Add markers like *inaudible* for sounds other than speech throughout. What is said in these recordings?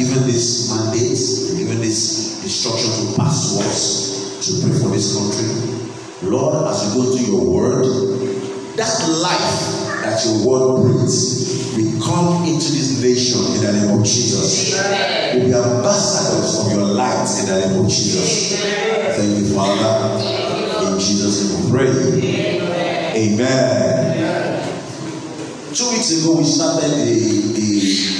given this mandate, given this instruction to pass to pray for this country. Lord, as you go to your word, that life that your word brings we come into this nation in the name of Jesus. We'll be ambassadors of your light in the name of Jesus. Thank you, Father. In Jesus' name we pray. Amen. Amen. Two weeks ago, we started a, a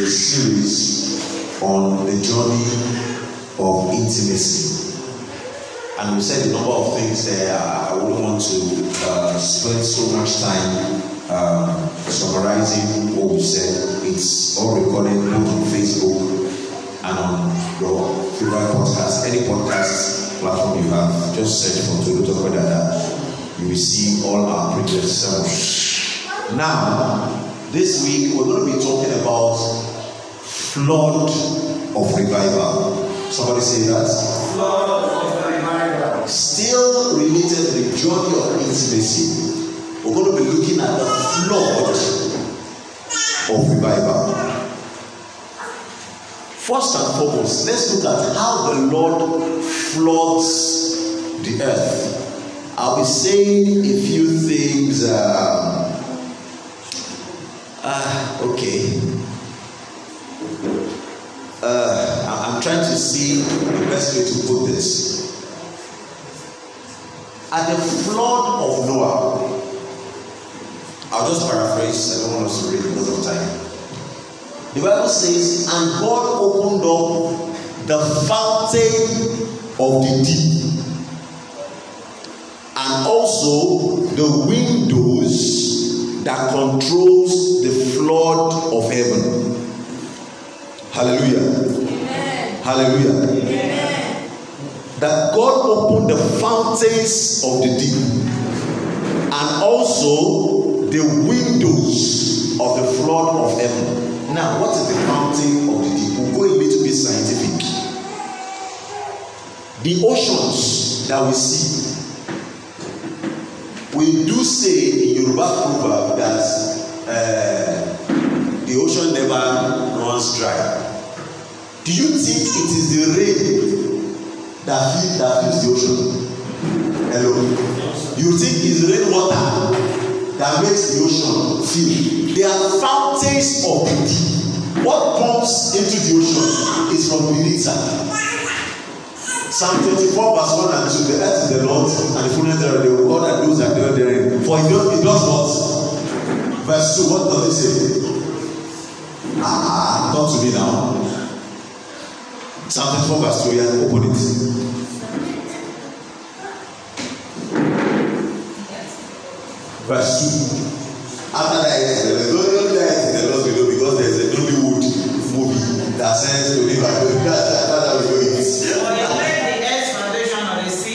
a series on the journey of intimacy. And we said a number of things there. I wouldn't want to uh, spend so much time um, summarizing what we said. It's all recorded both on Facebook and on your favorite podcast, any podcast platform you have. Just search for Tolu Talk You will see all our previous sermons. Now, this week we're going to be talking about flood of revival. Somebody say that. Flood of revival. Still related to the journey of intimacy, we're going to be looking at the flood of revival. First and foremost, let's look at how the Lord floods the earth. I'll be saying a few things. Um, uh, okay uh, I'm, trying to see the best way to put this. At the flood of Noah, I'll just paraphrase, I don't want us to read because of time. The Bible says, And God opened up the fountain of the deep, and also the windows that controls the flood of heaven. Hallelujah. Amen. Hallelujah. Amen. That God opened the fountains of the deep and also the windows of the flood of heaven. Now, what is the fountain of the deep? We'll go a little bit scientific. The oceans that we see, we do say in Yoruba proverb that uh, the ocean never runs dry do you think it is the rain that feed that feeds the ocean hello you think it's rain water that makes the ocean fill there are fountains of pity what pumps into the ocean is from beneath sand. Psalm twenty-four, verse one, and 2 the earth is the Lord, and the fullness thereof the world and those that dwell therein for it does it does what verse two, what does it say ah talk to me now Psalm 34 verse 2, yeah, open it. Verse 2. After that, there's no only that the Lord below because there's a wood movie that says to live and that, that, that we know it is.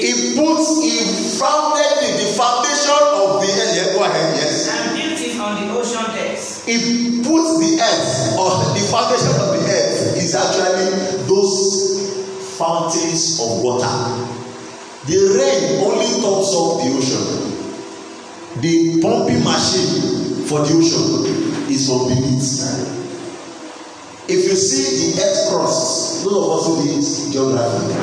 He puts, he founded the, the foundation of the earth. Yeah, go ahead, yes. And built it on the ocean depths. He puts the earth on the foundation of the is actually those fountains of water the rain only tops up the ocean the pumping machine for the ocean is from beneath if you see the earth cross, those of us who did geography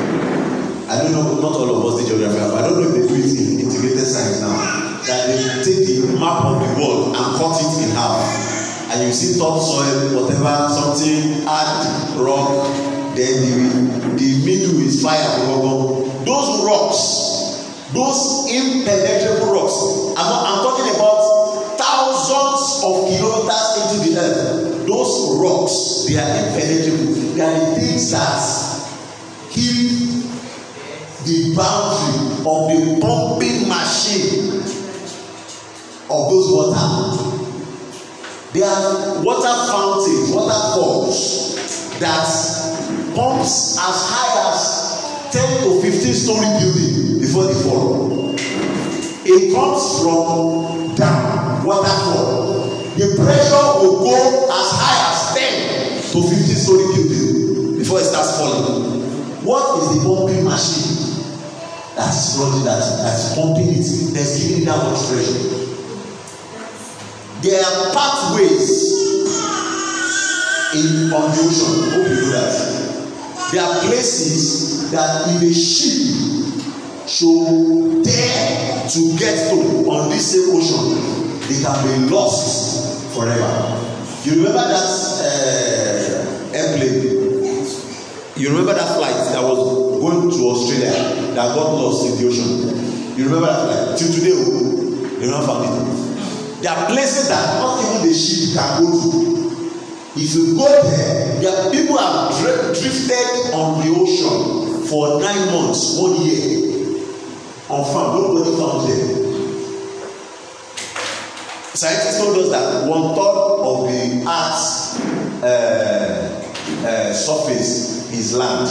i don't know not all of us did geography but i don't know if they do it in integrated science now that they take the map of the world and cut it in half and you see topsoil, whatever something hard rock then the the middle is fire gbogbo those rocks those impenetrable rocks i'm not i'm talking about thousands of kilometers into the earth those rocks they are impenetrable they are the things that keep the boundary of the pumping machine of those water There are water fountains, water falls that pumps as high as ten to fifteen story building before they fall. It comes from down waterfall. The pressure will go as high as ten to fifteen story building before it starts falling. What is the pumping machine that's running that is pumping it that's giving it that much pressure? there are pathways in on the ocean hope you know that there are places that if a ship should dare to get to on this same ocean they can be lost forever you remember that uh, airplane you remember that flight that was going to australia that got lost in the ocean you remember that flight till today o you no found it. There are places that not even the ship can go to. If you go there, there people have drifted on the ocean for nine months, one year. On farm, nobody found them. Scientists told us that one third of the Earth's uh, uh, surface is land.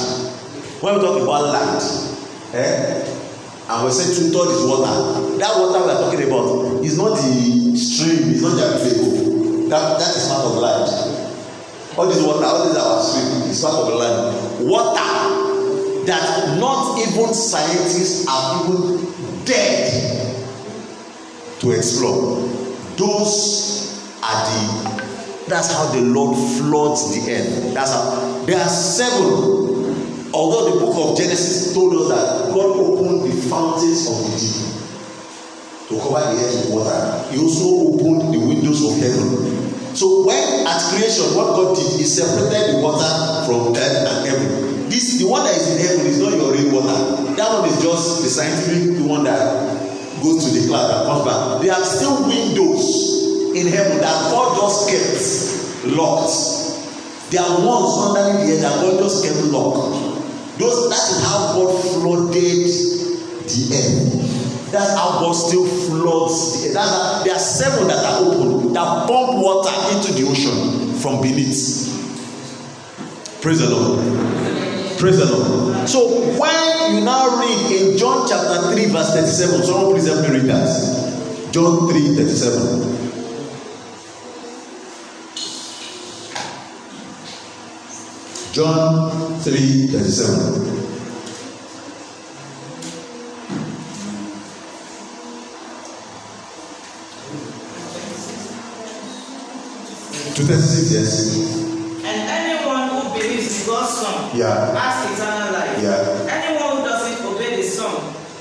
When we talk about land, eh, and we say two thirds is water, that water we are talking about is not the stream is not just a go that that is part of life all this water all this our stream is part of life water that not even scientists are even dared to explore those are the that's how the lord floods the earth that's how there are seven although the book of genesis told us that god opened the fountains of the deep to cover the earth with water he also opened the windows of heaven so when at creation what God did he separated the water from earth and heaven this the one that is in heaven is not your rain water that one is just the scientific the one that goes to the cloud and comes back there are still windows in heaven that God just kept locked there are ones under the earth that God just kept locked those that is how God flooded the earth That how still floods the earth. there are seven that are open that pump water into the ocean from beneath. Praise the Lord. Praise the Lord. So when you now read in John chapter 3, verse 37, someone please help me read that. John 3 37. John 3 37. to 36 years. And anyone who believes in God's Son yeah. has eternal life. Yeah. Anyone who doesn't obey the Son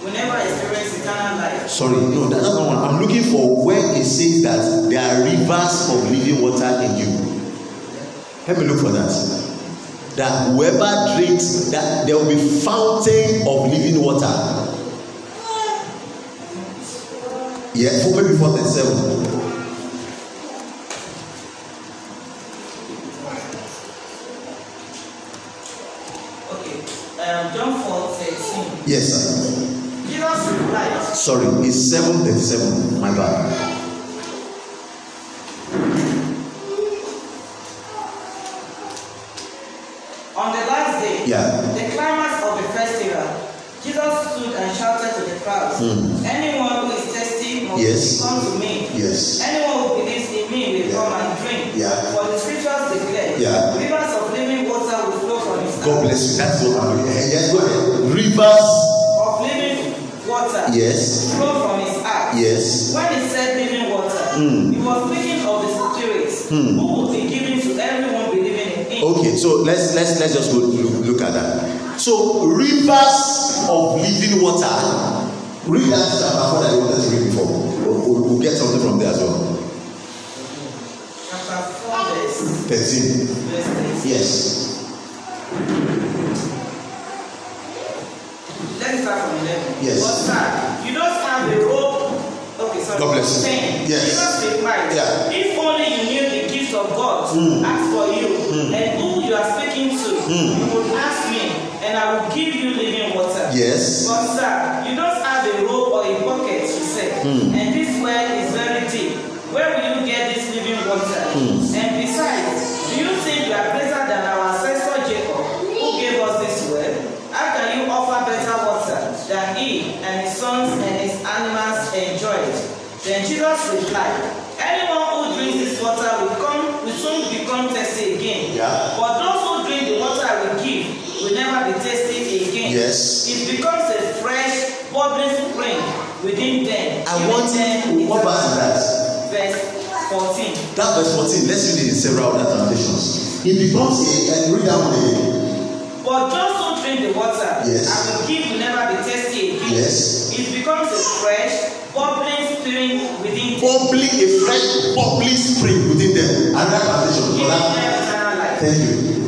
will never experience eternal life. Sorry, no, that's not one. I'm looking for where it says that there are rivers of living water in you. Help me look for that. That whoever drinks, that there will be fountain of living water. Yeah, maybe 437. sorry it's seven thirty-seven my bad. On the last day, yeah. the climax of the festival, Jesus stood and shouted to the crowds, mm. Anyone who is thirsty must yes. come to me. Yes. Anyone who believes in me will yeah. come and drink. Yeah. For the scriptures declare, yeah. rivers of living water will flow from his God bless you. That's what I'm doing. Yes, go ahead. Rivers Yes. Flow from his heart. Yes. When he said living water, mm. he was speaking of the Spirit mm. who would be given to everyone believing in him. Okay, so let's let's let's just go look, look at that. So rivers of living water. Read that chapter four that you wanted to read before. We'll, we'll get something from there as well. Chapter four, verse thirteen. Yes. Let me start from eleven. Yes. God bless you. Yes. Jesus replied, yeah. If only you knew the gift of God mm. ask for you mm. and who you are speaking to, mm. you would ask me, and I will give you living water. Yes. But sir, yes. it becomes a fresh bubbling spring within them. I want to what verse that? verse fourteen. that verse fourteen let's read it in several other translations. it becomes a and read that one again. but don't drink the water. yes and the gift will never be tasty again. yes it becomes a fresh bubbling spring within them. bubbling a fresh bubbling spring within them another translation thank you.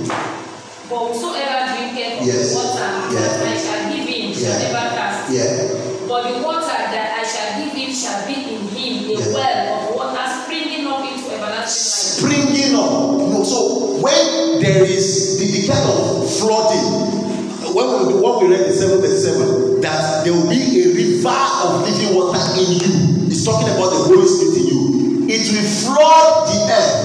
yeah. never thirst. Yeah. But the water that I shall give him shall be in him a yeah. well of water springing up into everlasting life. Springing up. No. so when there is the, the kind of flooding, when we, what we read in 737, that there will be a river of living water in you. It's talking about the Holy Spirit in you. It will flood the earth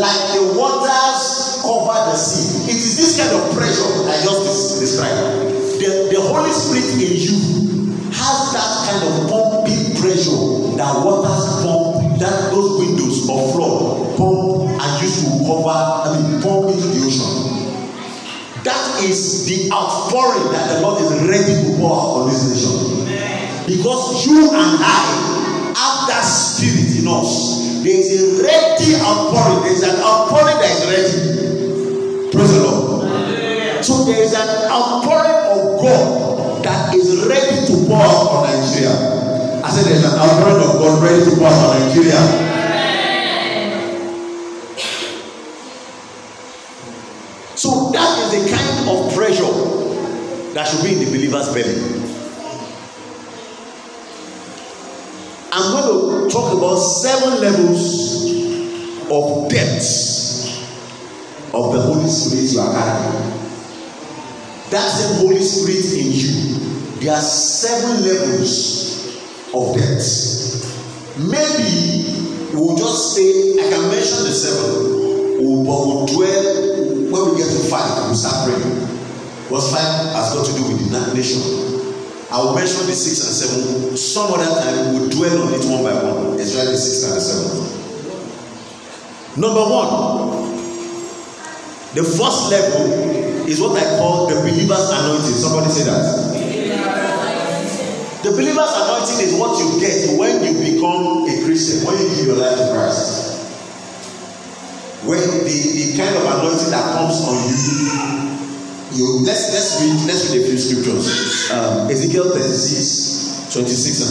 like the waters cover the sea. It is this kind of pressure I just described the, the Holy Spirit in you has that kind of pumping pressure that waters pump that those windows of flood pump and use to cover I mean pump into the ocean. That is the outpouring that the Lord is ready to pour out on this nation. Because you and I have that spirit in us. There is a ready outpouring. There is an outpouring that is ready. Praise the Lord. So there is an outpouring of God that is ready to pour out on Nigeria. I said there is an outpouring of God ready to pour out on Nigeria. So that is the kind of pressure that should be in the believer's belly. I'm going to talk about seven levels of depths of the Holy Spirit's life. That's the Holy Spirit in you. There are seven levels of death. Maybe we'll just say, I can mention the seven, we'll, but we'll dwell when we get to five, We start praying. Because five has got to do with the nation. I will mention the six and seven. Some other time we'll dwell on it one by one, especially the six and the seven. Number one, the first level is what I call the believer's anointing. Somebody say that. The believer's anointing is what you get when you become a Christian, when you give your life to Christ. When the, the kind of anointing that comes on you, you let's let's read let's read a few scriptures. Um, Ezekiel 36, 26 and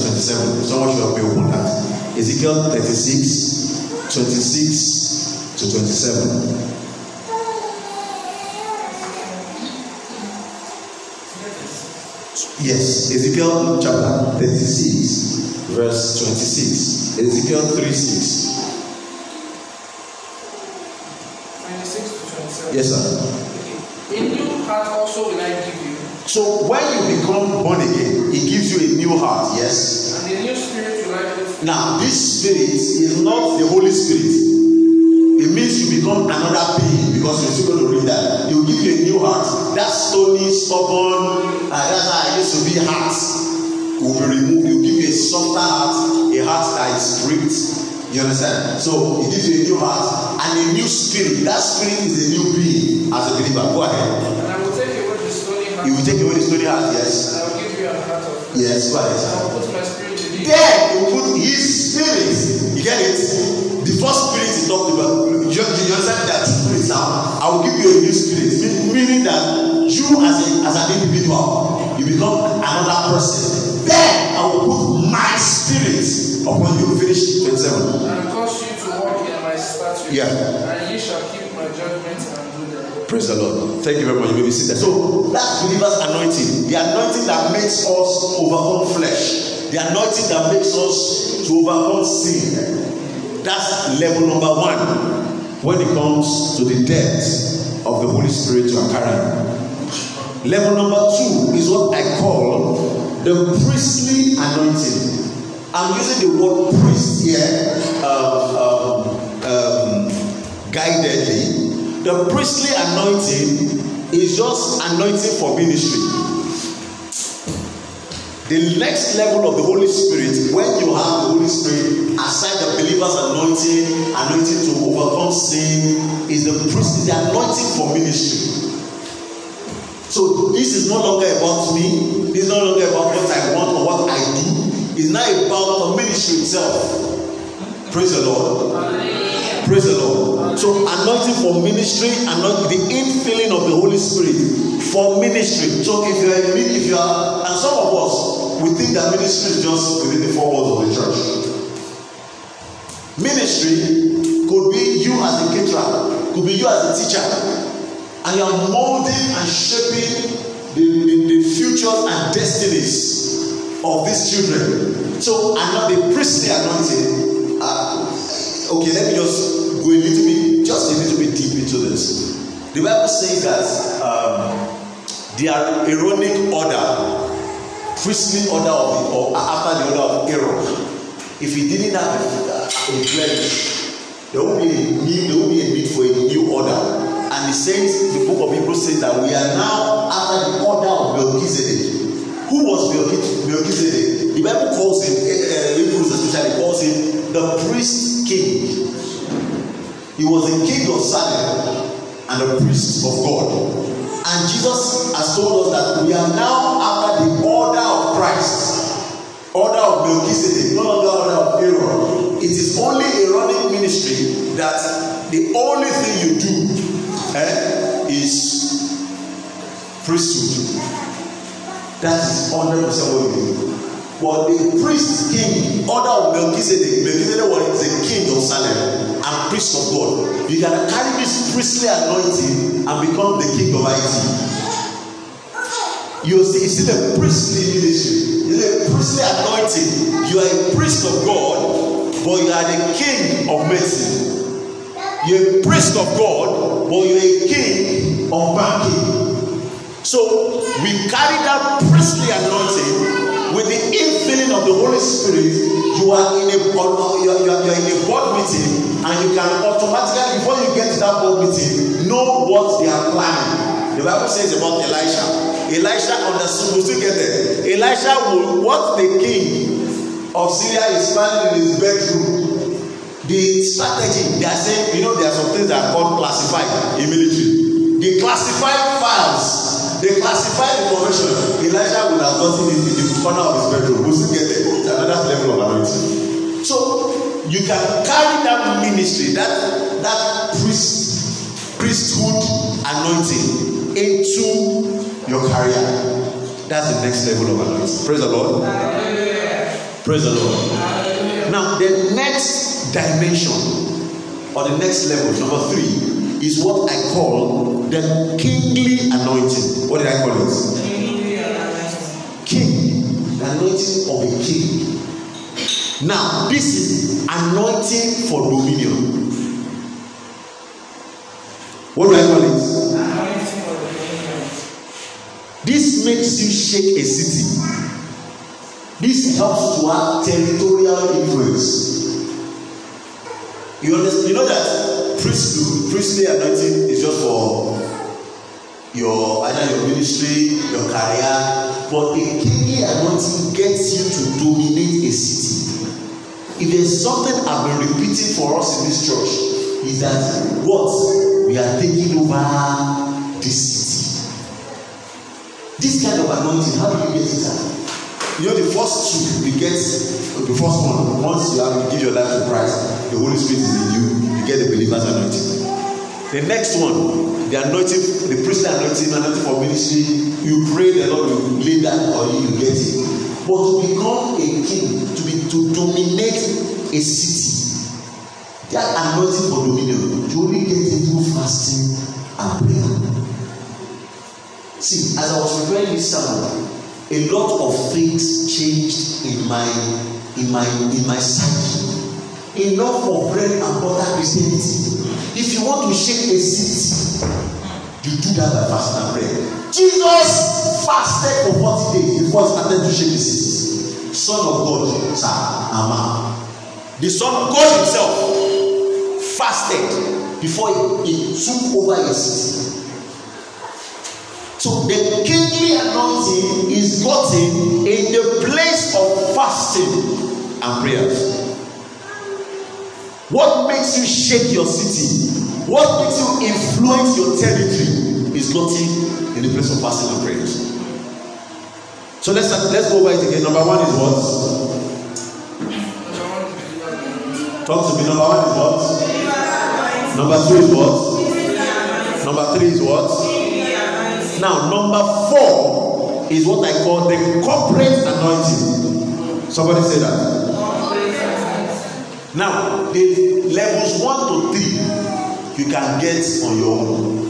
27. Someone should help me open that. Ezekiel 36, 26 to 27. Yes, Ezekiel chapter 36, verse 26. Ezekiel 3 6. 26 to yes, sir. A new heart also will I give you. So when you become born again, it gives you a new heart, yes. And a new spirit will I give you. Now, this spirit is not the Holy Spirit become another being because you're still going to read that. He will give you a new heart. That stony, stubborn, uh, that's how used to be heart will be removed. He will give you a softer heart, a heart that is great. You understand? So he gives you a new heart and a new spirit. That spirit is a new being as a believer. Go ahead. And will take away the stony heart. yes. I will give you a heart of Yes, go ahead. I will put my spirit in you. Then he put his spirit. You get it? The first spirit he talked about yourself that spirit now i will give you a new spirit meaning that you as a as an individual you become another person then i will put my spirit upon you finish twenty seven. and cause you to walk in my statutes. Yeah. and ye shall keep my judgment and do them. praise the lord thank you very much you may be seated. so that believers anointing the anointing that makes us overcome flesh the anointing that makes us to overcome sin that's level number one when it comes to the death of the Holy Spirit you are carrying. Level number two is what I call the priestly anointing. I'm using the word priest here um, um, um guidedly. The priestly anointing is just anointing for ministry. The next level of the Holy Spirit, when you have the Holy Spirit, aside the believer's anointing, anointing to overcome sin, is the priest, the anointing for ministry. So this is no longer about me, this no longer about what I want or what I do. It's not about the ministry itself. Praise the Lord. Praise the Lord. So anointing for ministry, anointing the infilling of the Holy Spirit for ministry. So if you are if you are and some of us we think that ministry is just within the four walls of the church. Ministry could be you as the caterer, could be you as the teacher, and you are molding and shaping the, the, the futures and destinies of these children. So, and not the priestly anointing. Uh, okay, let me just go a little bit, just a little bit deep into this. The Bible says that um, their eronic order priestly order of the, or uh, after the order of Aaron. If he didn't have a pledge, uh, there will be a need, there will be a need for a new order. And the saints, the book of Hebrews says that we are now after the order of Melchizedek. Who was Melchizedek? The Bible calls him, uh, Hebrews especially calls him the priest king. He was the king of Salem and the priest of God. And Jesus has told us that we are now after the Christ, order of Melchizedek, no longer order of Aaron. It is only Aaronic ministry that the only thing you do eh, is priesthood. That is hundred percent what you do. But the priest king, order of Melchizedek, Melchizedek was the king of Salem and priest of God. You can carry this priestly anointing and become the king of Haiti you see it's still a priestly ministry it's a priestly anointing you are a priest of God but you are the king of mercy you are a priest of God but you are a king of banking so we carry that priestly anointing with the infilling of the Holy Spirit you are in a you are, you are, you are in a board meeting and you can automatically before you get to that board meeting know what they are planning Bible says about Elisha. Elisha understood, we still get there. Elisha will what the king of Syria is planning in his bedroom. The strategy, they are saying, you know, there are some things that are called classified in military. The classified files, the classified information, Elisha would have gotten it in the corner of his bedroom. We still get there. It's another level of anointing. So, you can carry that ministry that that priest priesthood anointing into your career. That's the next level of anointing. Praise the Lord. Praise the Lord. Now, the next dimension or the next level, number three, is what I call the kingly anointing. What did I call it? Kingly anointing. King. The anointing of a king. Now, this is anointing for dominion. What do I makes you shake a city. This helps to have territorial influence. You understand? You know that priesthood, priestly anointing is just for your either your ministry, your career, but a kingly anointing gets you to dominate a city. If there's something I've been repeating for us in this church, is that what we are taking over this This kind of anointing, how do you get it? You know, the first two you get, the first one, once you have give your life to Christ, the Holy Spirit is in you, you get the believer's anointing. The next one, the anointing, the priestly anointing, anointing for ministry, you pray the Lord you lead that or you will get it. But to become a king, to be to dominate a city, that anointing for dominion, you only get it through fasting and prayer. See, as I was preparing this sermon, a lot of things changed in my in my in my psyche. Enough for bread and butter Christianity. If you want to shake a seat, you do that by fasting and prayer. Jesus fasted for forty days before he started to shake the seat. Son of God, sir, amen. The Son of God himself fasted before he, he took over his seat. So the kingly anointing is gotten in the place of fasting and prayers. What makes you shake your city? What makes you influence your territory is gotten in the place of fasting and prayers. So let's let's go over it again. Number one is what? Talk to me. Number one is what? Number two is what? Number three is what? Now, number four is what I call the corporate anointing. Somebody say that. Now, if levels one to three, you can get on your own.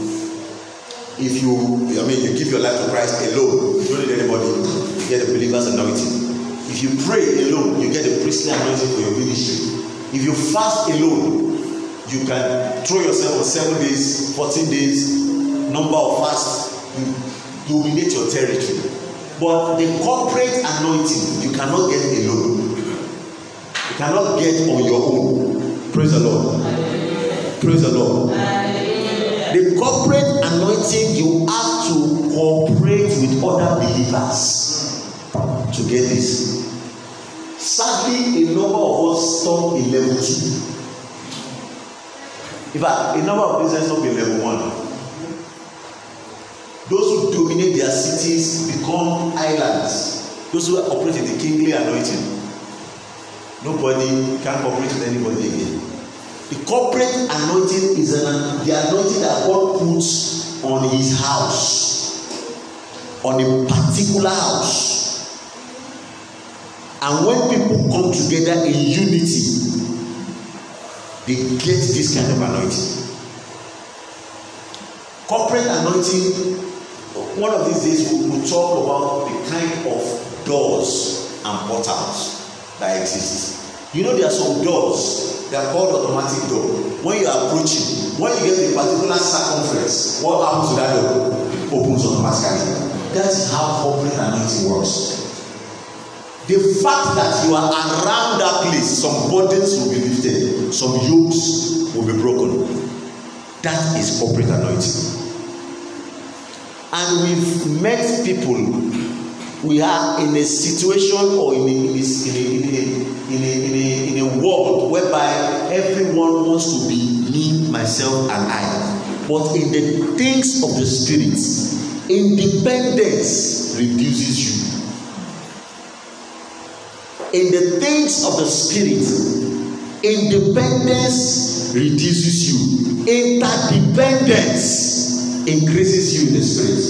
If you, I mean, you give your life to Christ alone, you don't need anybody. You get the believer's anointing. If you pray alone, you get the priestly anointing for your ministry. If you fast alone, you can throw yourself on seven days, fourteen days, number of fasts will dominate your territory but the corporate anointing you cannot get alone you cannot get on your own praise the lord praise the lord the corporate anointing you have to cooperate with other believers to get this sadly a number of us stop in level two in fact a number of us stop in level one dominate their cities become islands those who operate in the kingly anointing nobody can operate with anybody again the corporate anointing is an the anointing that God puts on his house on a particular house and when people come together in unity they get this kind of anointing corporate anointing one of these days we will talk about the kind of doors and portals that exist. You know, there are some doors that are called automatic door. When you are approaching, when you get a particular circumference, what happens to that door? opens automatically. That is how corporate anointing works. The fact that you are around that place, some burdens will be lifted, some yokes will be broken. That is corporate anointing and we've met people we are in a situation or in a in a in a in a in a, in a world whereby everyone wants to be me myself and i but in the things of the spirit independence reduces you in the things of the spirit independence reduces you interdependence increases you in the spirit.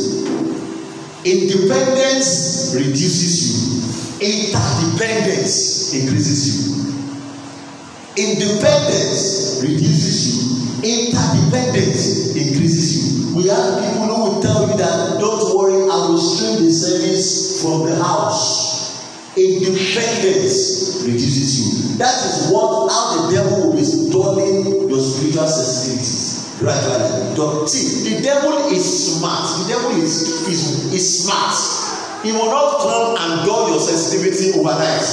Independence reduces you. Interdependence increases you. Independence reduces you. Interdependence increases you. We have people who will tell you that don't worry, I will stream the service from the house. Independence reduces you. That is what how the devil is dulling your spiritual sensitivity gradually the see the devil is smart the devil is is is smart he will not come and dull your sensitivity overnight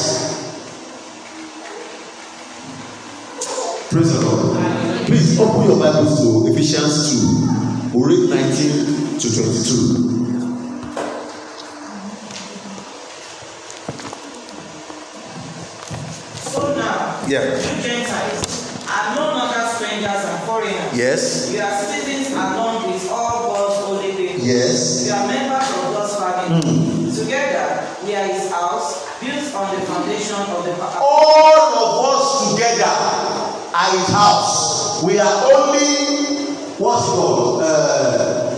praise the lord please open your bibles to ephesians two we read nineteen to twenty-two. Yeah. Yes. You are citizens along with all God's holy people. Yes. You are members of God's family. Mm. Together, we are His house, built on the foundation of the. All of us together are His house. We are only what's called uh,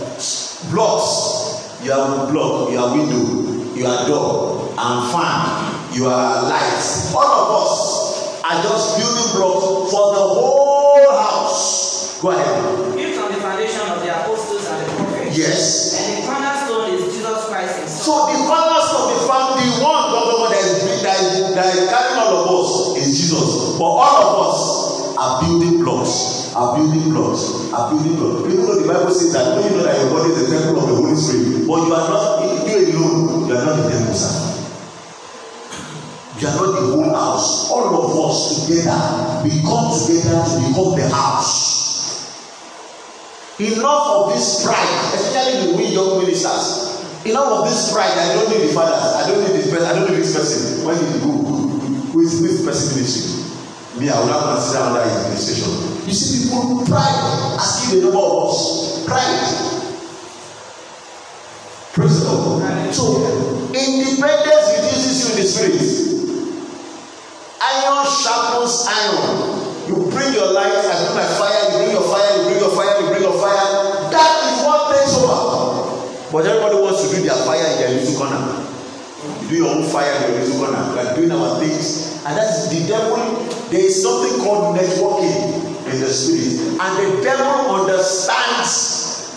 blocks. You are block. You are window. You are door and fan. You are light. All of us are just building blocks for the whole house. Go ahead. Built on the foundation of the apostles and the prophets. Yes. And the cornerstone is Jesus Christ himself. So the cornerstone, the found one God that is that is that is carrying all of us is Jesus. But all of us are building blocks. Are building blocks. Are building blocks. Even though the Bible says that when you know that your body is the temple of the Holy Spirit, but you are not you alone, you are not the temple sir. You are not the whole house. All of us together, we come together to become the house enough of this pride especially the way young ministers enough of this pride i don't need the fathers i don't need this person i don't need this person when you go with with person ministry me i will not consider another administration you see people pride asking the number of us pride praise the lord so independence reduces you in the spirit iron sharpens iron you bring your light i bring my fire you bring your fire But everybody wants to do their fire in their little corner. You do your own fire in your little corner. We are doing our things. And that's the devil. There is something called networking in the spirit. And the devil understands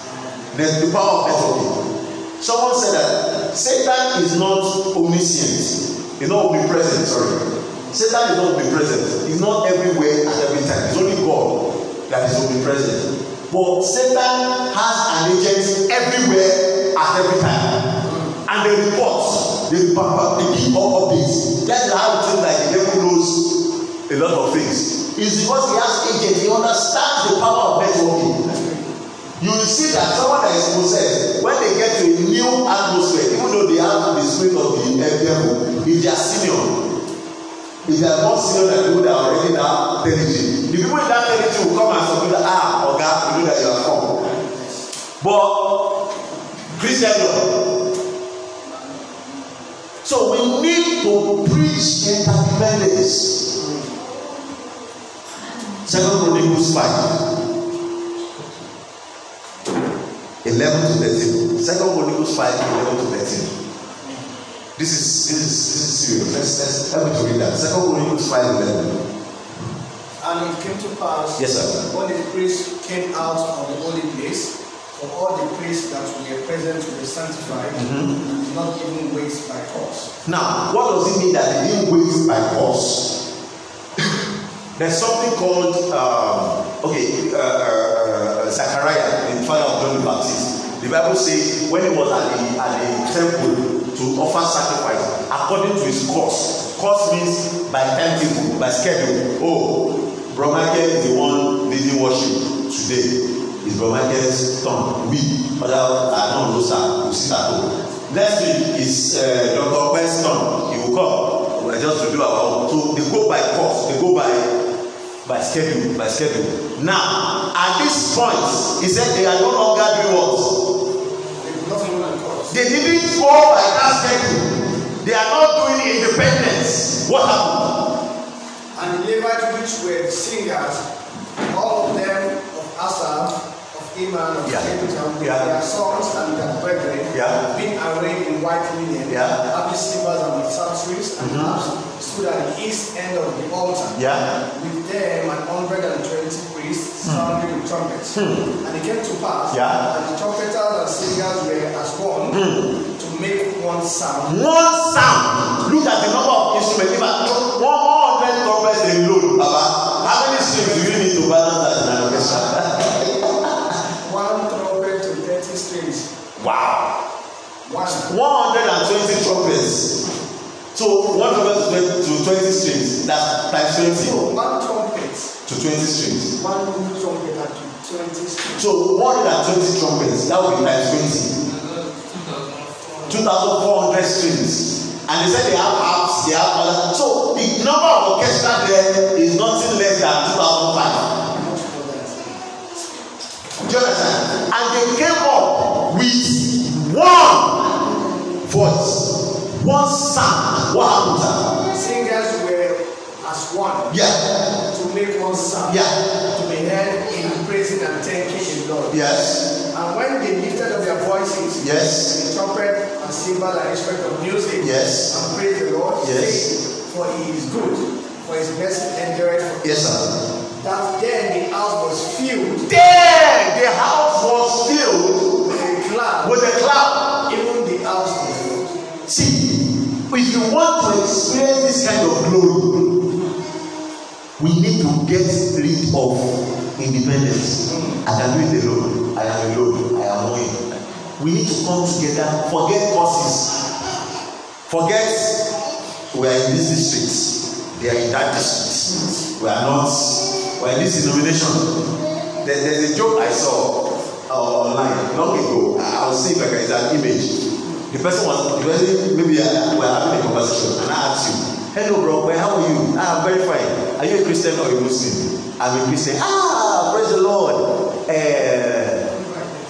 the power of networking. Someone said that Satan is not omniscient, He he's not present. sorry. Satan is not be present. He is not everywhere at every time. It's only God that is omnipresent. But Satan has an agent everywhere at every time. And they report, they papa, they give all updates. That's how it is like the devil knows a lot of things. It's because he has agents, he understands the power of networking. You will see that someone that is possessed, when they get to a new atmosphere, even though they have the spirit of the uh, devil, if they are senior, if they are not serious like people that are already that energy, the people with that energy will come and support that ah oga you know that you are come but christian law so we need to preach interdependence second chronicles five eleven to thirteen second chronicles five eleven to thirteen. This is this is this is serious. Let's let's help me to read that. Second Corinthians five eleven. And it came to pass yes, sir. when the priest came out of the holy place, for all the priests that were present were sanctified mm-hmm. and did not even wait by force. Now, what does it mean that they didn't wait by force? *coughs* There's something called um, okay, uh, uh, uh, uh in the final of John the Baptist. The Bible says when he was at the, at the temple, to offer sacrifice according to his course course means by timetable by schedule oh bromake is the one leading worship today is bromake's turn we other anon rosa go sit at home next week is uh, dr pes turn he go come we are just to do our own so they go by course they go by by schedule by schedule now at this point he say they are no longer doing what They didn't fall by accident. They are not doing independence. What happened? And the Levites which were singers, all of them of Asaph, of Iman, of yeah. Abraham, yeah. their sons and their brethren, yeah. being arrayed in white linen, yeah. having silvers and with psalteries and mm-hmm. stood at the east end of the altar. Yeah. With them and 120 priests hmm. sounding mm. with trumpets. Mm. And it came to pass yeah. that the trumpeters and singers were as one mm. to make one sound. One sound. Look at the number So one trumpet to twenty strings. That's times twenty. So one trumpet to twenty strings. One trumpet at twenty strings. So one hundred twenty trumpets. That would be times twenty. Two thousand four hundred strings. And they said they have apps, they have other. So the number of orchestra there is nothing less than two thousand five. Do you understand? And they came up with one voice. one sound. What happened? singers were as one. Yeah. To make one sound. Yeah. To be heard in praising and thanking the Lord. Yes. And when they lifted up their voices, yes. The trumpet and cymbal and instrument of music. Yes. And praise the Lord. Yes. for he is good, for his mercy endureth. Yes, sir. That then the house was filled. Then the house was filled with a cloud. With a cloud. we want to experience this kind of glory, we need to get rid of independence. I can do it alone. I am alone. I am one. We need to come together, forget causes, forget we are in this district, they are in that district. We are not, we are in this denomination. There, there's a joke I saw uh, online long ago. I'll see if I can, it's that image the person was the person maybe I uh, were having a conversation and I ask you hello bro well, how are you ah very fine are you a Christian or a Muslim And a Christian ah praise the Lord eh,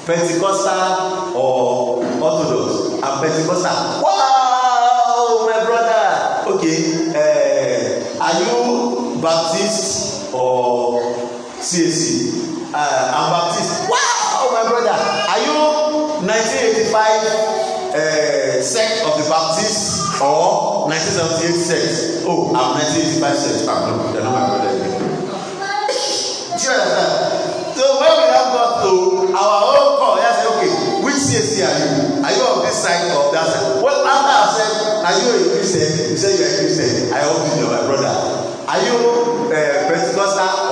Pentecostal or Orthodox I'm Pentecostal wow my brother okay eh, are you Baptist or CAC uh, eh, I'm Baptist wow my brother are you 1985 uh, sect of the Baptist or 1978 sect. Oh, I'm 1985 sect. I'm ah, not, they're not my brother. Do you eh? understand? So when we now got to our own call, I said, okay, which CAC are you? Are you of this side or that side? Well, after I said, are you a Christian? You said you are a Christian. I hope you are my brother. Are you uh, Pentecostal?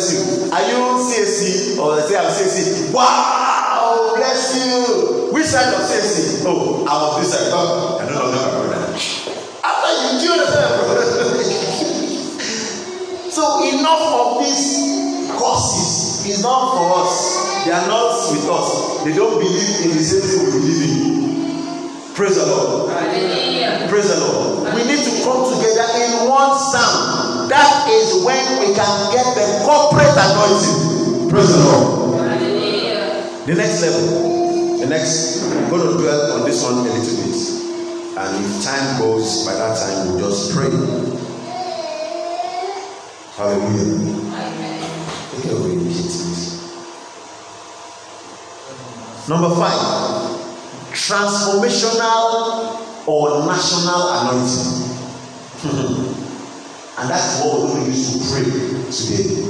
bless you. Are you CAC or say I'm CAC? Wow, bless you. Which side of CAC? Oh, I'm of this side. Oh, I don't know my brother. After you do the *laughs* So enough of these courses is not for us. They are not with us. They don't believe in the same thing we believe in. Praise the Lord. Praise the Lord. We need to come together in one sound that is when we can get the corporate anointing. Praise the Lord. The next level, the next, I'm going to dwell on this one a little bit. And if time goes, by that time we'll just pray. Hallelujah. Take care of your kittens. Number five, transformational or national anointing. *laughs* And that's what we're going to use to pray today.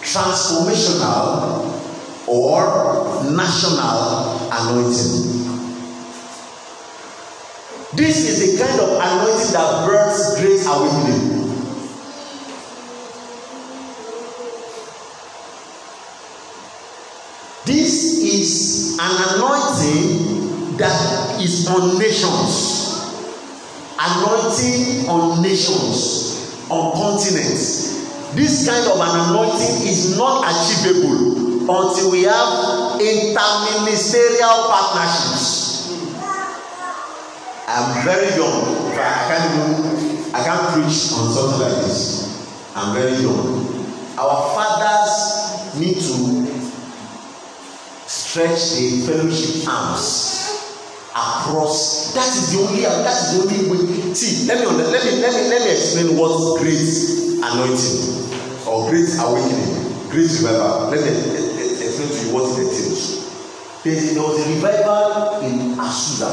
Transformational or national anointing. This is the kind of anointing that births grace awakening. This is an anointing that is on nations. Anointing on nations on continents this kind of an anointing is not achievable until we have interministerial partnerships i'm very young but i can't even i can't preach on something like this i'm very young our fathers need to stretch the fellowship arms across that is the only that is the only way see let me under let me let me let me explain what great anointing or great awakening great revival let me explain to you what it entails there there was a revival in asuda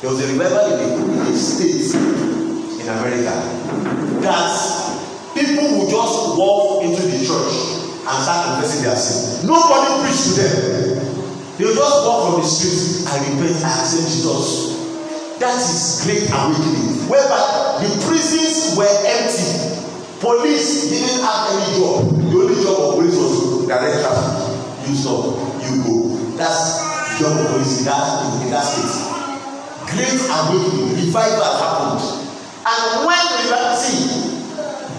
there was a revival in a state in america that people would just walk into the church and start confessing their sin nobody preach to them they just walk from the street and repent and say jesus that is great awakening whereby the prisons were empty police didn't have any job the only job of police was to direct traffic you stop you go that's the job of police in that in that state great awakening revival happened and when we see,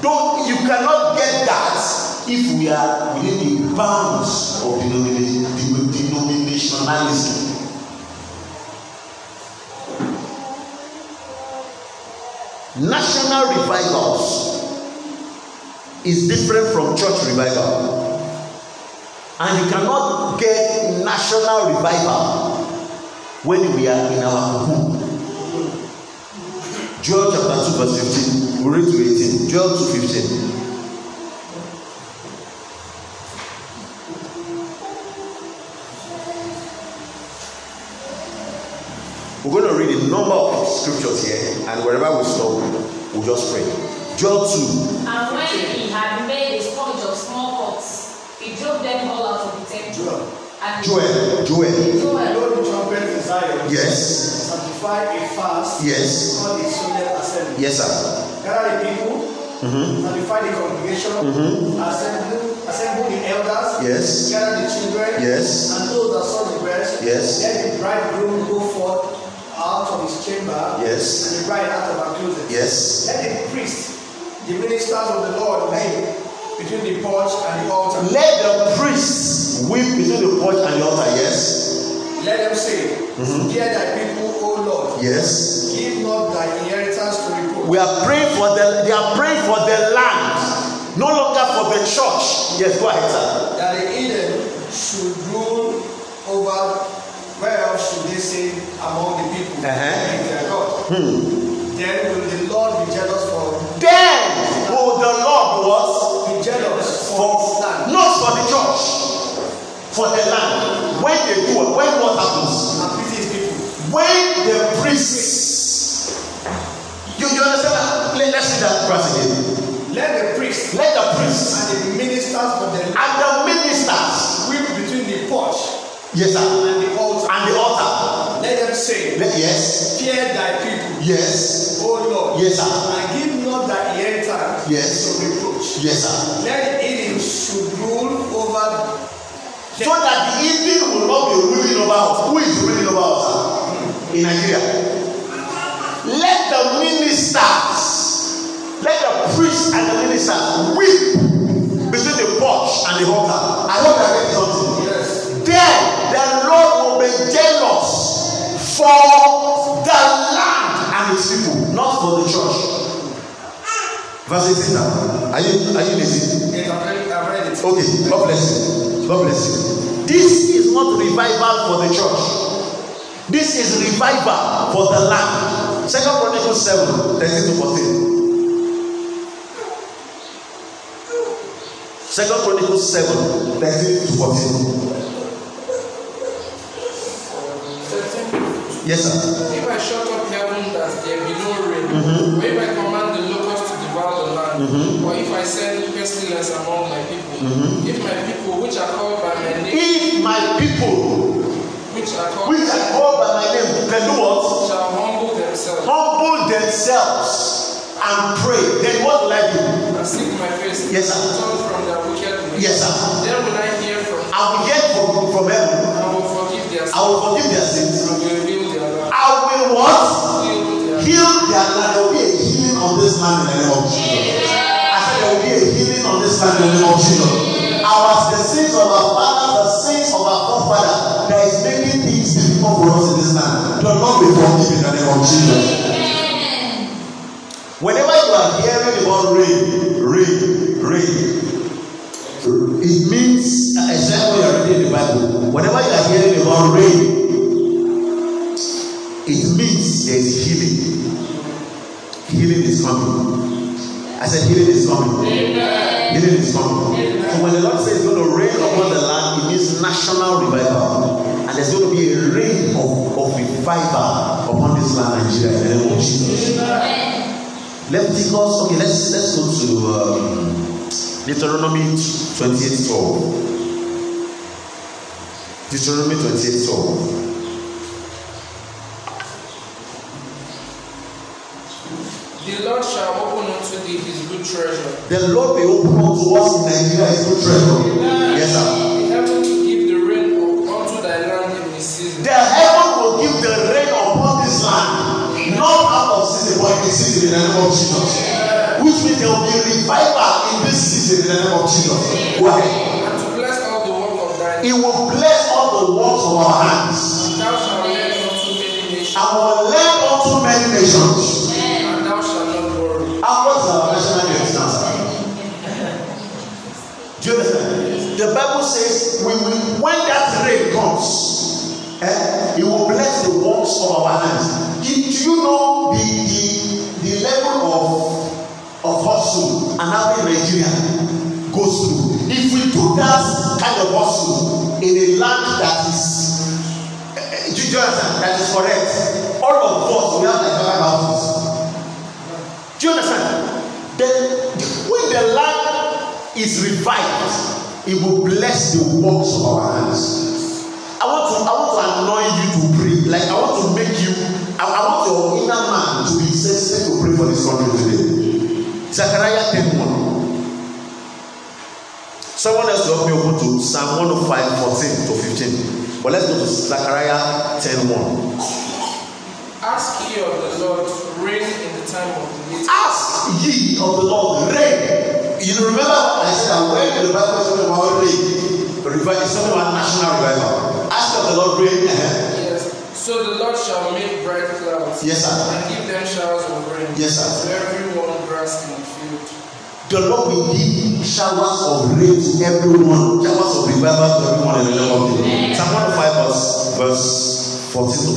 don you cannot get that if we are within the bounds of the denomination the nationalism. National revivals is different from church revival. And you cannot get national revival when we are in our home. Joel chapter 2, verse 15. We read to 18. Joel 2 15. scriptures here, and wherever we stop, we'll just pray. Job 2. And when he had made a sponge of small pots, he drove them all out of the temple. Joel. And Joel. Joel. Joel. Blow the trumpet in Yes. Sanctify a fast. Yes. Call the solemn assembly. Yes, sir. Gather the people. Mm-hmm. Sanctify the congregation. Mm-hmm. Assemble assemble the elders. Yes. Gather the children. Yes. And those that saw the breast. Yes. Let the bridegroom go forth out of his chamber. Yes. And the out of her closet. Yes. Let the priest, the ministers of the Lord, weep between the porch and the altar. Let the priests weep between the porch and the altar. Yes. Let them say, mm-hmm. Hear thy people, O Lord. Yes. Give not thy inheritance to reproach. We are praying for the. They are praying for the land, no longer for the church. Yes, go ahead, sir. That the Eden should rule over where else should they say among the people? Uh-huh. Hmm. Then will the Lord be jealous for Then will the Lord was be jealous for, the land. not for the church, for the land. When they do when what happens? When the priests you, you understand that? Let, us see that verse again. Let the priests let the priests and the ministers of the and the ministers weep between the porch. Yes, sir. Let them say, Let, yes. Fear thy people. Yes. Oh Lord. Yes, sir. And give not thy ear yes. to reproach. Yes, sir. Let evil should rule over. So that the evil will not be ruling over us. Who is ruling over us? In Nigeria. Let the ministers, let the priests and the ministers weep between the porch and the altar. I hope I read something. Yes. Then the Lord will be jealous. for the land and its people, not for the church. Verse 18 now. Are you are you lazy? Yes, I've read, I've read it. Okay, God bless you. God bless you. This is not revival for the church. This is revival for the land. Second Chronicles 7, 13 to 14. Second Chronicles 7, 13 to 14. Yes, sir. If I shut up heaven that there be no rain, mm-hmm. or if I command the locusts to devour the land, mm-hmm. or if I send pestilence among my people, mm-hmm. if my people which are called by my name, if my people which are called, which are called by my name can do what? Shall humble themselves. Humble themselves and pray. Then what will I do? And seek my face. Yes, sir. And turn from their wicked ways. Yes, sir. Then will I hear from. I will hear from from heaven. I will forgive their sins. I will forgive their sins will what? Heal their land. There will be a healing on this land in the name of Jesus. I said there will be a healing on this land in the name of Jesus. Our the sins of our father, the sins of our forefathers, there is many things difficult for us in this land. Do not be forgive in the name of Jesus. Whenever you are hearing about rain, rain, rain, it means, I said we are reading the Bible. Whenever you are hearing about rain, coming. I said, healing is coming. Healing is coming. So when the Lord says it's going to rain upon the land, it means national revival. And there's going to be a rain of, of revival upon this land, Nigeria, in the name of Jesus. Leviticus, okay, let's, let's go to um, Deuteronomy 28 12. Deuteronomy 28 12. it is good treasure. The Lord will open unto us in Nigeria his good treasure. Yes, sir. The heaven will give the rain unto thy land in his season. The heaven will give the rain upon this land, not out of season, but in the season in the name of Jesus. Which means there will be revival in this season in the name of Jesus. Why? And to bless all the work of thy It will bless all the works of our hands. we will, when that rain comes, eh, it will bless the works of our hands. Do, you know the, the, the level of, of hustle an average Nigerian goes through? If we do that kind of hustle in a land that is, uh, do you understand? That is correct. All of us, we have like five houses. Do you understand? Then when the land is revived, it will bless the works of our hands. I want to I want to annoy you to pray. Like I want to make you I, I want your inner man to be sensitive to pray for this country today. Zechariah 10 1. Someone else will help me open to Psalm 105, 14 to 15. But let's go to Zechariah 10 1. Ask ye of the Lord, reign in the time of the need. Ask ye of the Lord, reign You remember, I said I'm that when the revival was talking about rain, revival is talking about national revival. Ask of the Lord rain. Uh-huh. Yes. So the Lord shall make bright clouds. Yes, sir. And give them showers of rain. Yes, sir. To everyone grass in the field. The Lord will give showers of rain to everyone, showers of revival to everyone in the name of the Lord. Psalm 105 verse, verse 14 to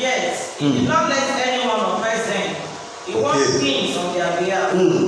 15. Yes, mm. he did not let anyone oppress them. He okay. wants kings on their behalf. Mm.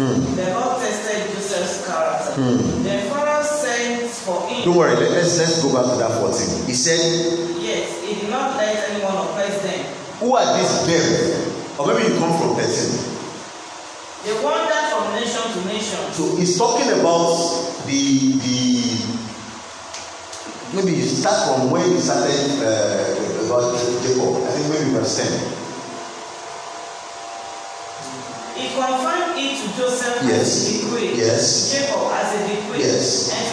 Hmm. The Lord tested Joseph's character. Hmm. The Pharaoh sent for him. Don't worry, let, us let's go back to that 14. He said, Yes, he did not let anyone oppress them. Who are these them? Or maybe you come from 13. They wandered from nation to nation. So he's talking about the the maybe you start from where he started uh, about Jacob. I think maybe verse 10. He confirmed it to Joseph yes. as a decree, yes. Jacob as a decree, yes. and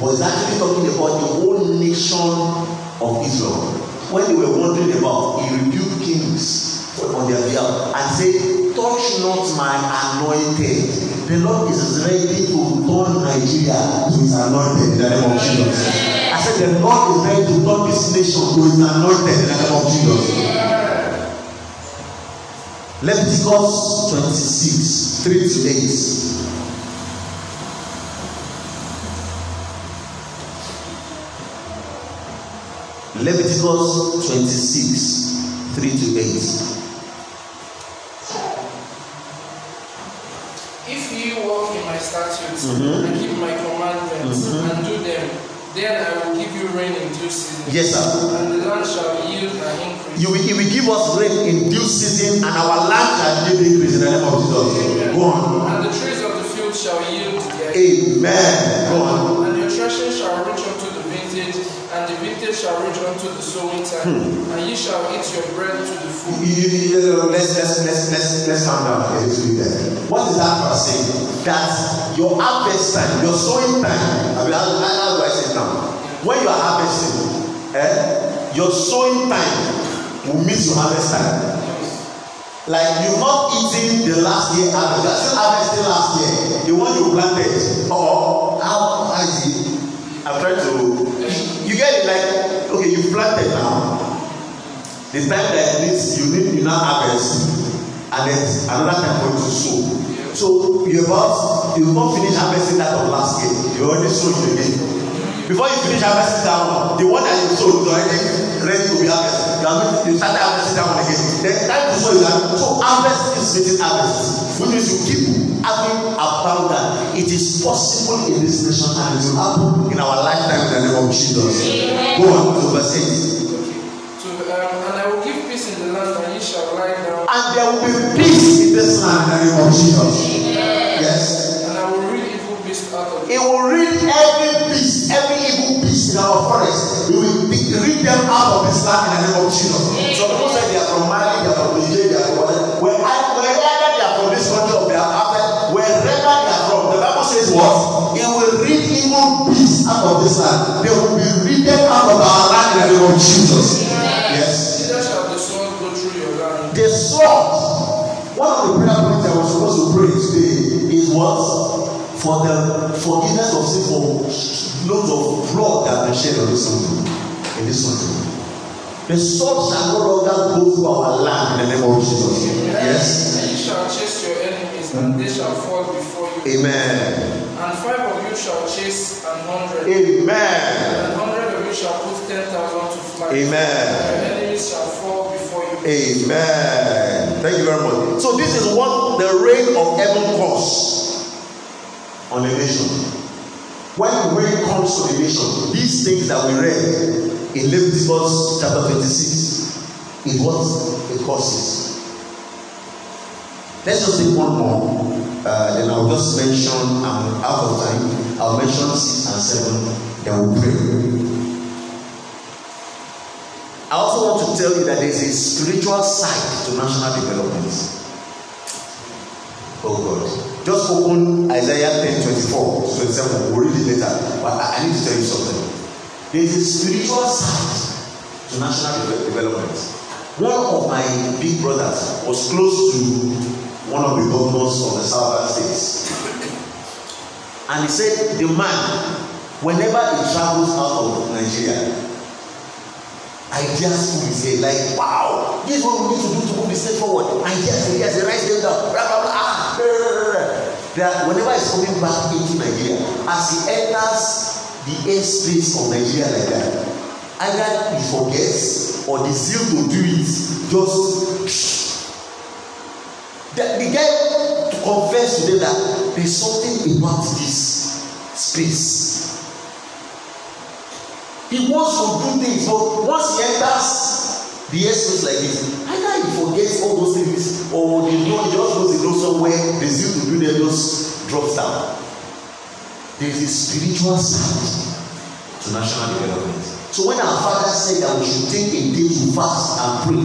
was actually talking about the whole nation of Israel. When they were wondering about, he rebuked kings on their behalf and said, Touch not my anointed. The Lord is ready to turn Nigeria to his anointed in the name of Jesus. I said, The Lord is ready to turn this nation to his anointed in the name of Jesus. Leviticus 26, 3 to 8. Leviticus 26 3 to 8. If you walk in my statutes mm-hmm. and keep my commandments mm-hmm. and do them, then I will give you rain in due season. Yes, sir. And the land shall yield and increase. You will, you will give us rain in due season, and our land shall yield increase in the name of Jesus. Amen. Go on. And the trees of the field shall yield their Amen. Go on. And your treasure shall reach unto it, and the vintage shall rage unto the sowing time, hmm. and ye shall eat your bread to the full. Let's, let's, let's, let's, let's calm down a little bit. What is that verse saying? That your harvest time, your sowing time, I mean, how, how do I say it now? When you are harvesting, eh, your sowing time will meet your harvest time. Like you not eating the last year harvest, you are still harvesting last year, the one you planted. Or how, how is it? I'm trying to like okay you planted now the time that you need you need you now harvest and then another time for you to sow so you about you don finish harvesting that of last year you already sow it again before you finish harvesting that one the one that you sow is already ready to be harvest you are waiting you start harvest down again then time to sow you are so harvest is waiting harvest which means you keep having abandon it is possible in this nation and it will happen in our lifetime in the name of jesus go on to verse eight. Um, and i will give peace in the land and ye shall lie down. and there will be peace in this land in the name of jesus. yes. and i will rid evil beast out of. it will rid them out of Islam in the name of Jesus. So people say they are from Mali, they are from Nigeria, they are from whatever. Wherever they are from this country of their after, wherever they are from, the Bible says what? It will read evil peace out of this land. They will be reading out of our land in the name of Jesus. Yes. The sword. One of the prayer points I was supposed to pray today is what? For the forgiveness of sin for loads of blood that been shed on this land. in this country. The swords shall no longer go through our land in the name of Jesus. Yes. And you shall chase your enemies, and they shall fall before you. Amen. And five of you shall chase an hundred. Amen. And an hundred of you shall put ten thousand to flight. Amen. Your enemies shall fall before you. Amen. Thank you very much. So this is what the rain of heaven costs on a nation. When rain comes to a nation, these things that we read in Leviticus chapter 26 is what it causes. Let's just take one more, uh, then I'll just mention, um, out of time, I'll mention six and seven. then we'll pray. I also want to tell you that there's a spiritual side to national development. Oh God. Just open Isaiah 10 24, 27, we'll read it later, but I need to tell you something there is a spiritual side to national development one of my big brothers was close to one of the governors of the southern states and he said the man whenever he travels out of nigeria ideas full his head like wow this is what we need to do to move the state forward ideas ideas he write them down blah blah blah ah that whenever he's coming back into nigeria as he enters the eight streets of nigeria like that either you forget or the zeal to do it just the, the guy to confess to them that there is something about this space he wants to do things but once he enters the air space like this either he forgets all those things or he know just goes he know somewhere the zeal to do them just drops down There is a spiritual side to national development. So when our father said that we should take a day to fast and pray,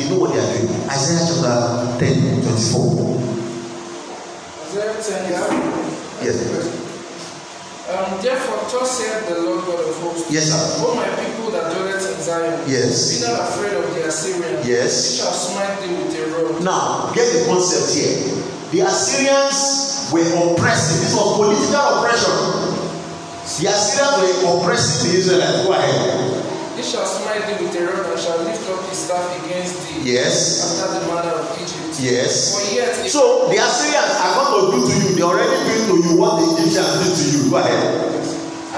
they know what they are doing. Isaiah chapter 10, 24. Yes. Um, therefore, thus said the Lord God of hosts. Yes, sir. O my people that dwelleth in Zion. Yes. Be not afraid of the Assyrians. Yes. He shall smite thee with a rod. Now, get the concept here. The Assyrians were oppressing. This was political oppression. The Assyrians were oppressing the Israelites. Go ahead. He shall smite thee with a rod and shall lift up his staff against thee. Yes. After the manner of Egypt. Yes. yet. So the Assyrians are going to do to you. They already doing to you what the Egyptians did to you. Go ahead.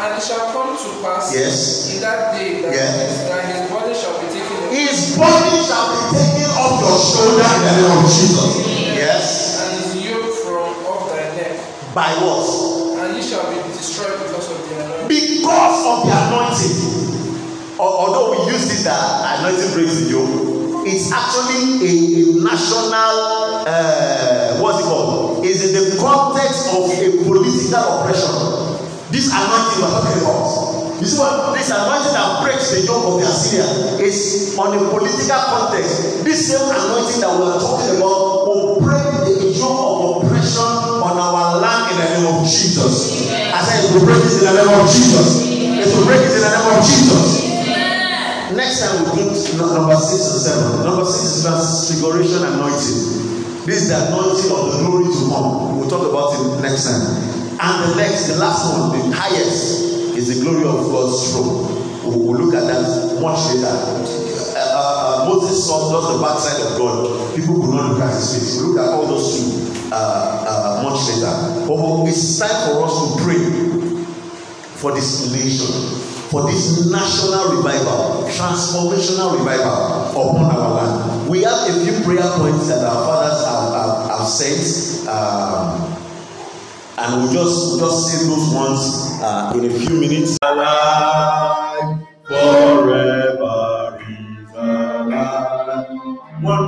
And it shall come to pass. Yes. In that day that, yeah. his, that his body shall be taken. His body shall be taken off your shoulder in the name of Jesus. by what? And you shall be destroyed because of the anointing. Because of the anointing. Although we use this that anointing breaks in yoke, it's actually a, national, uh, what's it called? It's in the context of a political oppression. This anointing we're talking about. You see what this anointing that breaks the yoke of the Assyria is on a political context. This same anointing that we are talking about will break the yoke of oppression on our land in the name of Jesus. I said, it will break it in the name of Jesus. Amen. It will break it in the name of Jesus. Next time we we'll do number six and seven. Number six is transfiguration anointing. This is the anointing of the glory to come. We'll talk about it next time. And the next, the last one, the highest, is the glory of God's throne. We'll look at that much later. Uh, uh, Moses saw just the bad side of God, people could not look at his face. We look at all those two uh, uh, much later. But it's time for us to pray for this nation, for this national revival, transformational revival upon our land. We have a few prayer points that our fathers have, have, have sent. Um, and we'll just, we'll just say those ones uh, in a few minutes.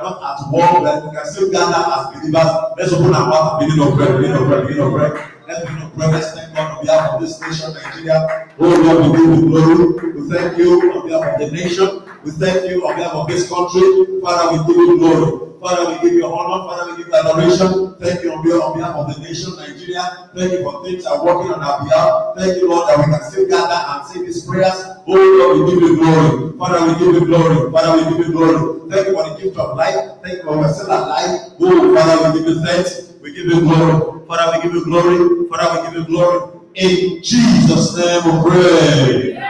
are not at war that we can still gather as believers let's open our mouth and begin to pray begin to pray begin to pray let's begin of prayer. let's thank God on behalf of this nation Nigeria oh Lord we give you glory we thank you on behalf of the nation we thank you on behalf of this country Father we give you glory Father, we give you honor. Father, we give you adoration. Thank you on behalf, on behalf of the nation, Nigeria. Thank you for things that are working on our behalf. Thank you, Lord, that we can still gather and say these prayers. Oh, Lord, we give you glory. Father, we give you glory. Father, we give you glory. Thank you for the gift of life. Thank you for we're still alive. Oh, Father, we give you thanks. We give you glory. Father, we give you glory. Father, we give you glory. In Jesus' name we pray.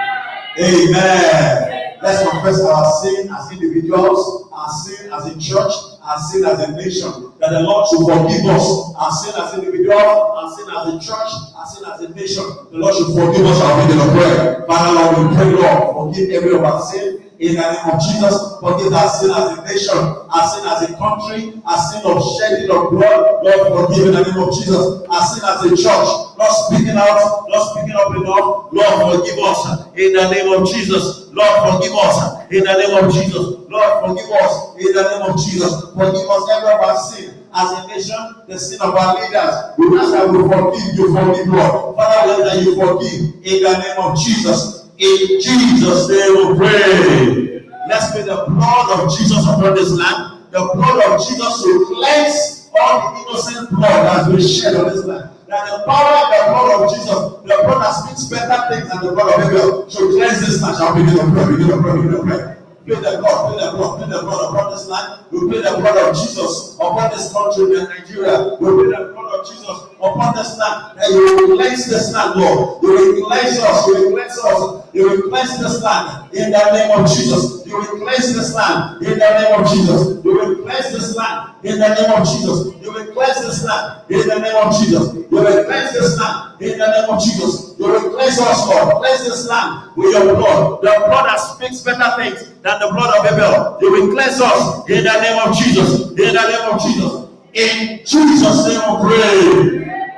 Amen. Let's confess our sin as individuals our sin as a church, our sin as a nation. That the Lord should forgive us, our sin as individual, our sin as a church, our sin as a nation. The Lord should forgive us our in of prayer. Father, Lord, we pray, Lord, forgive every of our sin in the name of Jesus, forgive our sin as a nation, as sin as a country, as sin of shedding of blood, Lord, forgive in the name of Jesus, As sin as a church, not speaking out, not speaking up enough, Lord, forgive us in the name of Jesus, Lord, forgive us in the name of Jesus, Lord, forgive us in the name of Jesus, forgive us every of our sin. As a nation, the sin of our leaders, we ask that we forgive you, forgive Lord. Father, we that you forgive in the name of Jesus. In Jesus' name we pray. Let's make the blood of Jesus upon this land. The blood of Jesus will cleanse all the innocent blood that has been shed on this land. That the power of the blood of Jesus, the blood that speaks better things than the blood of Abel, should cleanse this land. Shall we begin to pray, begin to pray, begin to pray. Pray the blood. pray the blood. pray the blood upon this land. We pray the blood of Jesus upon this country Nigeria. We pray the blood of Jesus upon this land. And you will cleanse this land, Lord. You will cleanse us, you will cleanse us. You will this land in the name of Jesus. You will this land in the name of Jesus. You will this land in the name of Jesus. You will this land in the name of Jesus. You will this land in the name of Jesus. You will us, Lord. Cleanse this land with your blood. The blood that speaks better things than the blood of Abel. You will us in the name of Jesus. In the name of Jesus. In Jesus' name we pray.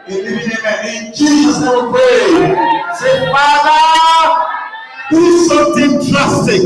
In, in Jesus' name we pray. Say, Father do something drastic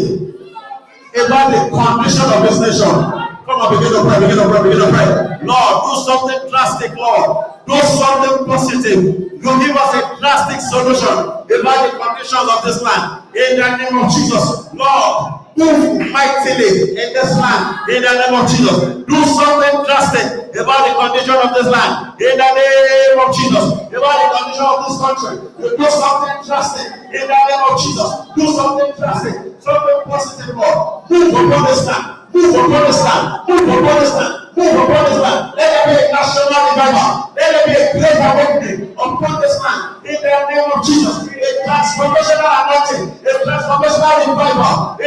about the condition of this nation. Come on, begin to pray, begin to pray, begin to pray. Lord, do something drastic, Lord. Do something positive. You give us a drastic solution about the conditions of this land. In the name of Jesus, Lord, move mightily in this land in the name of Jesus. Do something drastic about the condition of this land in the name of Jesus. About the condition of this country. Do something drastic in the name of Jesus. Do something drastic, something positive, Lord. Move upon this land. Move upon this land. Move upon this land. Move upon this land. Let there be a national revival. Let there be a great awakening upon this land in the name of Jesus. A transformational anointing, a transformational revival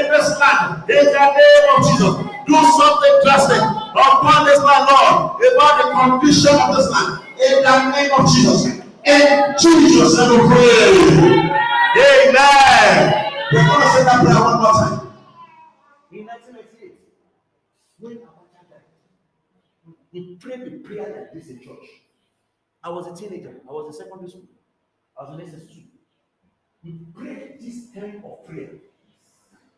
in the name of Jesus. Do something drastic upon this land, Lord, about the condition of this man. in the name of Jesus. In Jesus' name, we pray. Amen. We're going to say that prayer one more time. In 1988, when Abacha died, he prayed a prayer like this in church. I was a teenager. I was in secondary school. I was in SS2. We prayed this time of prayer.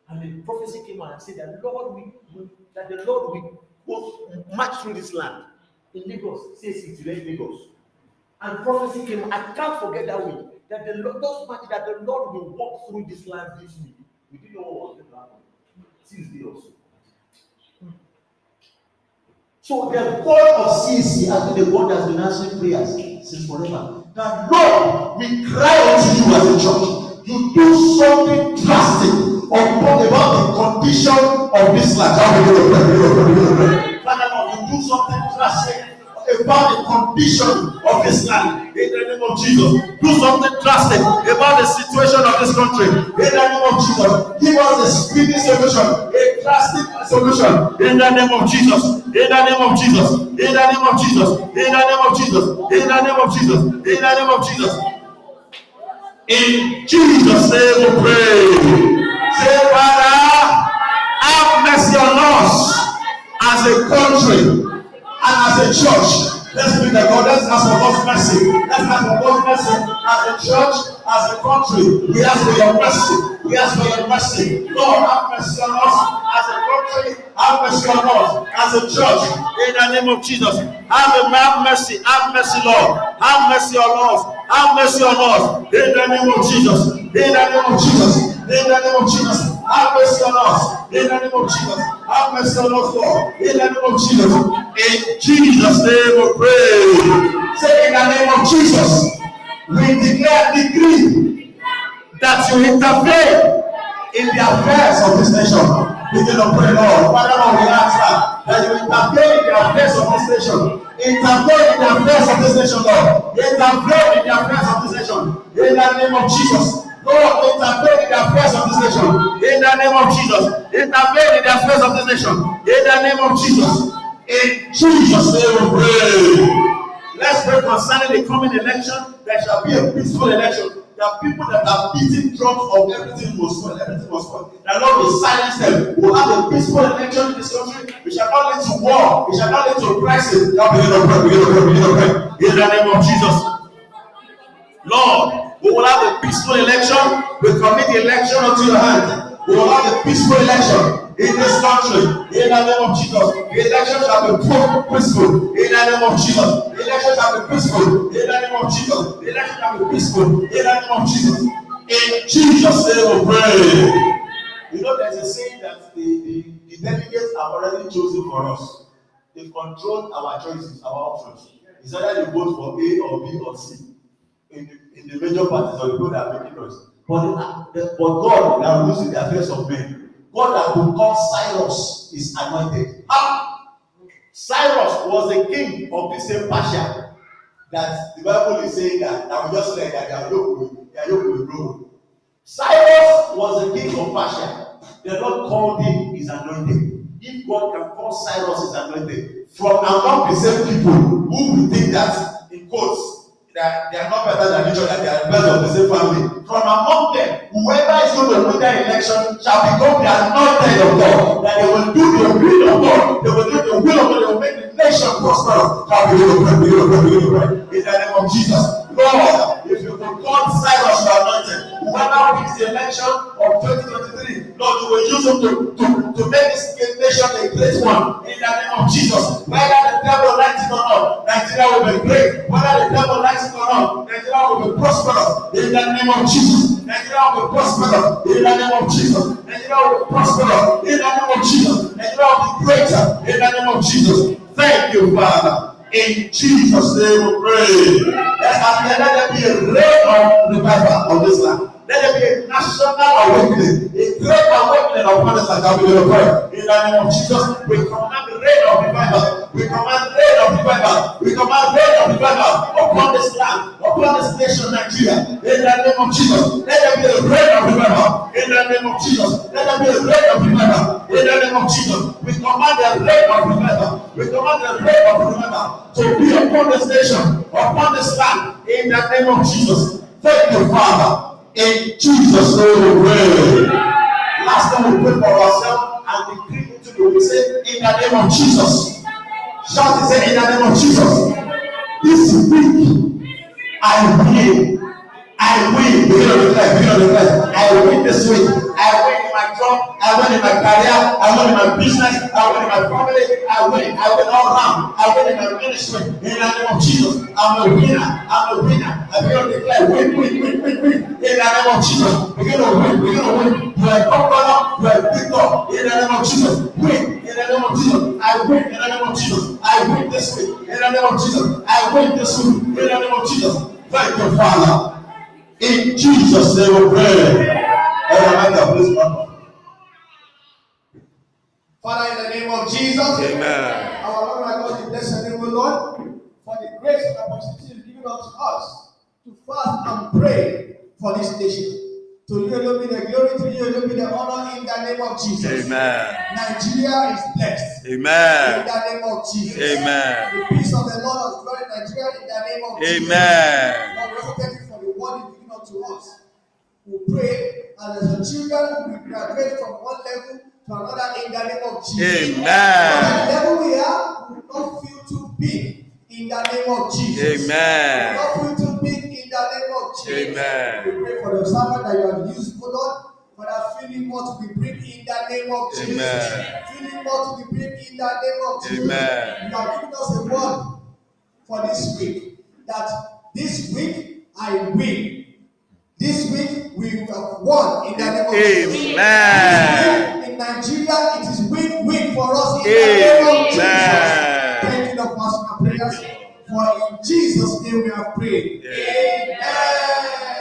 And the prophecy came out and said that Lord will, that the Lord will go march through this land in Lagos, say City Lagos. And prophecy came, I can't forget that we That the Lord those that the Lord will walk through this land this week. We didn't know what was going to happen. Since Lagos, So the God of CC has been the God that's been answering prayers since forever. That Lord, we cry unto you as a church. You do something drastic Talk about the condition of this life. How Father, Lord, you do something drastic about the condition of this land in the name of Jesus. Do something drastic about the situation of this country in the name of Jesus. Give us a speedy solution, a drastic solution in the name of Jesus. In the name of Jesus. In the name of Jesus. In the name of Jesus. In the name of Jesus. In the name of Jesus. In Jesus' name we pray. Say, Father, have mercy on us as a country and as a church. Let's be the God. Let's ask for God's mercy. Let's ask for God's mercy as a church, as a country. We ask for your mercy. We ask for your mercy. Lord, have mercy on us as a country. Have mercy on us as a church. In the name of Jesus. Have, have mercy. Have mercy, Lord. Have mercy on us. Have mercy on us. In the name of Jesus. In the name of Jesus. In the name of Jesus, have mercy on us. In the name of Jesus, have mercy on us, Lord. In the name of Jesus, in Jesus' name we pray. Say in the name of Jesus, we declare decree that you interfere in the affairs of this nation. Begin to pray, Lord. Father, Lord, we ask that, that you interfere in the affairs of this nation. Interfere in the affairs of this nation, Lord. Interfere in the affairs of this nation. In the name of Jesus. God oh, intervene in the affairs of this nation in the name of Jesus. Intervene in the affairs of this nation in the name of Jesus. In Jesus' name we pray. Let's pray concerning the coming election. There shall be a peaceful election. There are people that are beating drums of everything must fall, everything must fall. The Lord will silence them. We'll have a peaceful election in this country. We shall not lead to war. We shall not lead to crisis. Now begin to pray, begin to pray, begin to pray. In the name of Jesus. Lord, We will have a peaceful election. We commit the election unto your hand. We will have a peaceful election in this country. In the name of Jesus. The election shall be peaceful. In the name of Jesus. The election shall be peaceful. In the name of Jesus. The election shall be peaceful. In the name of Jesus. In Jesus' name we pray. You know, there's a saying that the, the, the delegates are already chosen for us. They control our choices, our options. It's either you vote for A or B or C. In the in the major parties of the people that are making noise. But, uh, but God that rules in the affairs of men, God that will call Cyrus is anointed. How? Cyrus was the king of the same Persia that the Bible is saying that, that we just said that they are will, their yoke will grow. Cyrus was the king of Persia. The Lord called him his anointed. If God can call Cyrus his anointed, from among the same people who will think that in quotes They are, they are not better than each other. They are members of the same family. From among them, whoever is going to win that election shall become the anointed of God. That they will do the will of God. They will do the will of God. They will make the nation prosperous. Now begin to pray, begin to pray, In the name of Jesus. Lord, if you will God side us, you are anointed whoever wins the election of 2023, Lord, you will use them to, to, to make this nation a great one in the name of Jesus. Whether the devil likes it or not, Nigeria will be great. Whether the devil likes it or not, Nigeria will be prosperous in the name of Jesus. Nigeria will be prosperous in the name of Jesus. Nigeria will be prosperous in the name of Jesus. Nigeria will be greater in the name of Jesus. Thank you, Father. In Jesus' name we pray. Let's have, let be a rain of revival on this land. Let it be a national awakening, a great awakening upon us that we will pray. In the name of Jesus, we command rain of revival. We command rain of revival. We command rain of revival upon this land, upon this nation, Nigeria. In the name of Jesus, let there be a rain of revival. In the name of Jesus, let there be a rain of revival. In the name of Jesus, we command the rain of revival. We command the rain of revival to be upon this nation, upon this land. In the name of Jesus, thank you, Father. In Jesus' name we Last time we prayed for ourselves and we prayed into the we say, In the name of Jesus. Shout and say, In the name of Jesus. This week, I will I win, Begin of the life, beginning of the life. I win this week. I win in my job. I win in my career. I win in my business. I win in my family. I win. I win all around. I win in my ministry. In the name of Jesus, I'm a winner. I'm a winner. I begin to declare win, win, win, win, win. In the name of Jesus, begin to win, begin to win. You are a conqueror. You are a victor. In the name of Jesus, win. In the name of Jesus, I win. In the name of Jesus, I win this week. In the name of Jesus, I win this week. In the name of Jesus, thank you, Father. In Jesus' name we pray. Father, in the name of Jesus, Amen. our Lord and God, the blessed the name of Lord for the grace and opportunity given unto us to fast and pray for this nation. To you alone be the glory, to you alone be the honor in the name of Jesus. Amen. Nigeria is blessed. Amen. In the name of Jesus. Amen. The peace of the Lord of glory, Nigeria, in the name of Amen. Jesus. Amen. Lord, we also thank you for the word to us. We pray, and as your children, we graduate from one level to another in the name of Jesus. Amen. But the level we are, we not feel too big in the name of Jesus. Amen. We not feel too big in the name of Jesus. Amen. We pray for the servant that you have used, O Lord. Father, fill him what we bring in the name of Jesus. Amen. Fill him what we bring in the name of Jesus. Amen. You have given us a word for this week that this week I will This week we have won in the name of Jesus. Amen. In Nigeria, it is win win for us in Amen. the name of Jesus. Thank you, the personal prayers. For in Jesus' name we have prayed. Amen. Amen.